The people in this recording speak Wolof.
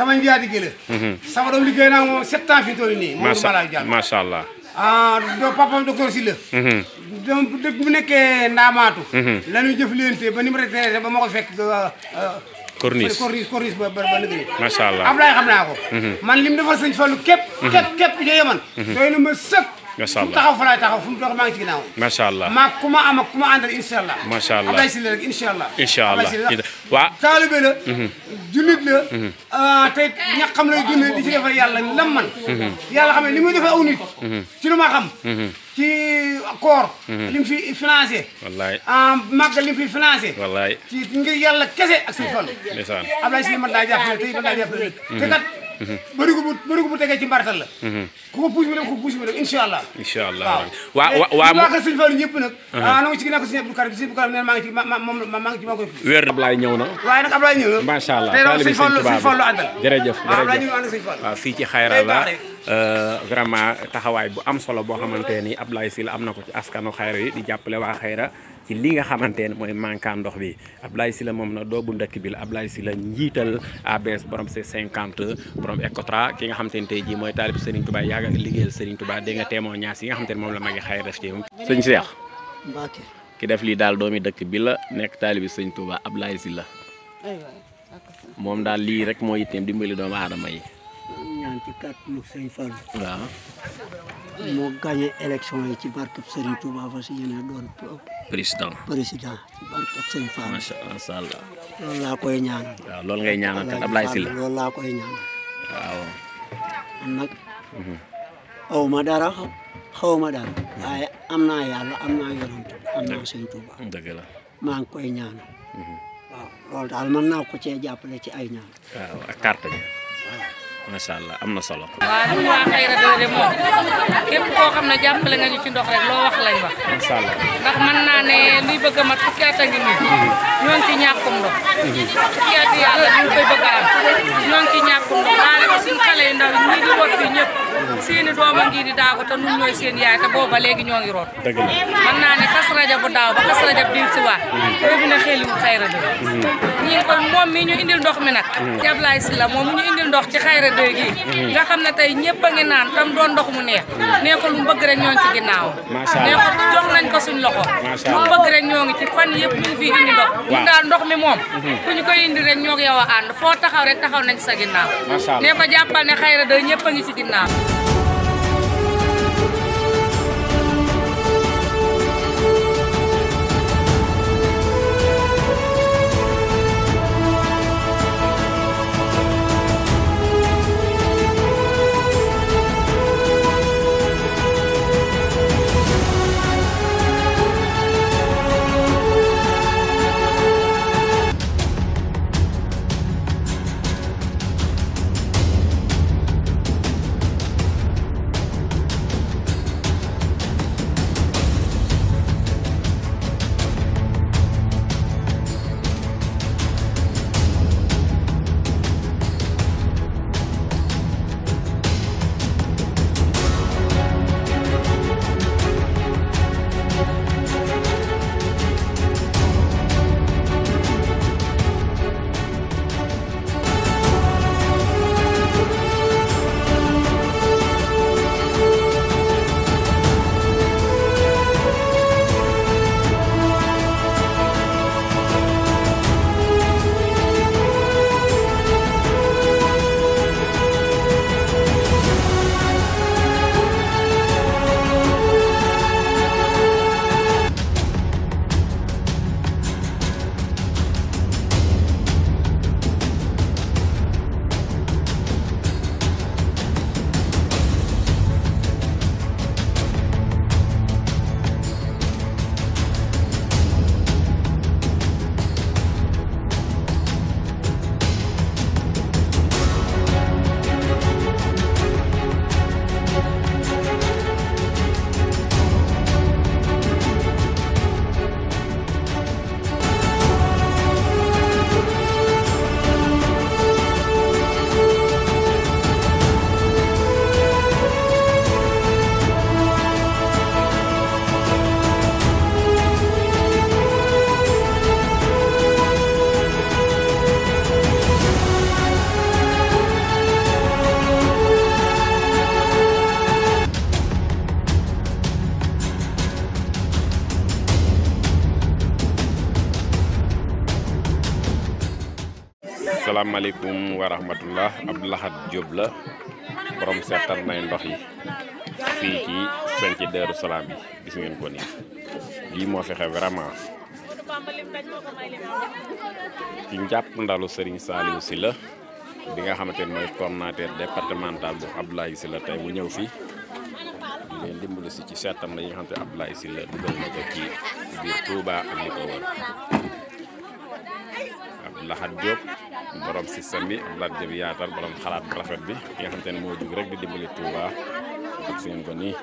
sama njaatige la. Mhm. sama doom liggéey naa moom sept ans fi mu toll nii. macha allah ah do papaam si la. donc dëgg bu nekkee ndaamaatu. Mhm. la ñuy jëflante ba ni mu retraité ba ma ko fekk. Euh, euh, corniche corniche corniche ba ba liggéey. macha allah Ablaye xam naa ko. Mhm. man lim defal sëñ Fallou képp. képp képp ja yeman. doy na ma sëkk. macha allah taxaw fa laay taxaw fu mu dox maa ngi ci ginnaaw. macha allah maa ku ma am ak ku ma àndal incha allah. macha allah Ablaye Sylla rek incha allah. incha allah waaw taalibe la. Mhm. jullit la. Mhm. Ah, tey ña xam lay jullit di ci defal yàlla lam man. Mhm. yàlla xam ne li muy defal aw nit. ci lu ma xam. ci koor. li mu fi financé. wallaay ah, màggal li mu fi financé. wallaay ci ngir yàlla kese ak seen fan. ndeysaan Ablaye Sylla man daa jàppale tey man daa jàppale te kat. bëri ko bu bëri ci mbartal la mhm. ku ko puus mu dem ku ko puus mu dem incha allah incha allah waa kër sëñ Fallou ñëpp nag mhm. ah na nga ci ginnaaw ko sëñ Abdou Karim maa ngi ci maa ngi ci maa koy na waaye nag Ablaye ñëw allah tey sëñ Fallou fii ci xayra Euh, vraiment taxawaay bu am solo boo xamante ni Abdoulaye Sylla am na ko ci askanu xayra yi di jàppale waa xayra ci li nga xamante ne mooy mankaan ndox bi Abdoulaye Sylla moom na doobu ndëkk bi la Abdoulaye Sylla njiital ABS borom se 50 borom Ecotra ki nga xam ne tey jii mooy taalib Serigne Touba yàgg ak liggéeyal Serigne Touba dégg nga témoignage yi nga xamante ne moom la ma ngi xayra def ci moom seex ki def lii daal doomi dëkk bi la nekk taalibi Sëñ Touba si la moom daal lii rek moo yitteem dimbali doomu aadama yi ci kàttanu Sëñ Fallu. waaw. moo gagné élection ci barkab Serigne Touba fa si yéene doon. président président ci allah. loolu laa koy ñaanal. waaw ngay ñaanal kat laa koy ñaanal. Mhm. ma dara xaw ma dara. waaye am la maa ngi koy ñaanal. Mhm. waaw loolu daal mën naa ko cee jàppale ci ay ñaan. waaw ak carte bi. macha allah am na solo. waaw ñun waa Xayra Doole xam ne jàppale nga ñu ci ndox rek loo wax lañ wax. ndax mën naa ne luy bëgg mat fukki at ngi nii. Mhm. ñoo ngi ci ñàkkum ndox. Mhm. fukki at yàlla ñu koy bëgg am. ñoo ngi ñàkkum ndox daanaka ba suñu xale yu ndaw ñii di wër fii ñëpp. Mhm. seeni doom a ngi di nun ñooy seen yaay te booba léegi ñoo ngi root. dëgg naa ne kas bu daaw ba kas rajab diw si waat. boobu na xeliwu Xayra Doole. ñu indil ndox moom mu ñu indil ndox ci deux nga xam na tey ñëpp a ngi naan tam doon ndox mu neex ne ko lu mu bëgg rek ñoo ngi ci ginnaaw nee ko jox nañ ko suñ loxo mu bëgg rek ñoo ngi ci fan yëpp ñu ngi fii indi ndox ñun ndox mi moom mhm. ku ñu ko indi rek ñoo ngi yow a ànd foo taxaw rek taxaw nañ sa ginnaaw nee ko jàppal ne xayra day ñëpp a ngi ci ginnaaw asalaamaaleykum wa rahmatullah Abdou Lahad Diop la borom seetal nay ndox yi fii ci sanc Daaru Salaam bi gis ngeen ko nii lii moo fi xew vraiment ci njàpp ndalu Serigne Saliou si la bi nga xamante ne mooy coordonnateur départemental bu Abdoulaye si la tey bu ñëw fii di leen si ci seetam la yi nga xam ne Abdoulaye si la dugal na ko ci biir Touba ak li ko Lahat Diop borom système bi ak Lat yaatal boroom xalaat bu bi ki nga xam te moo jug rek di dimbali Touba ak su ngeen ko nii.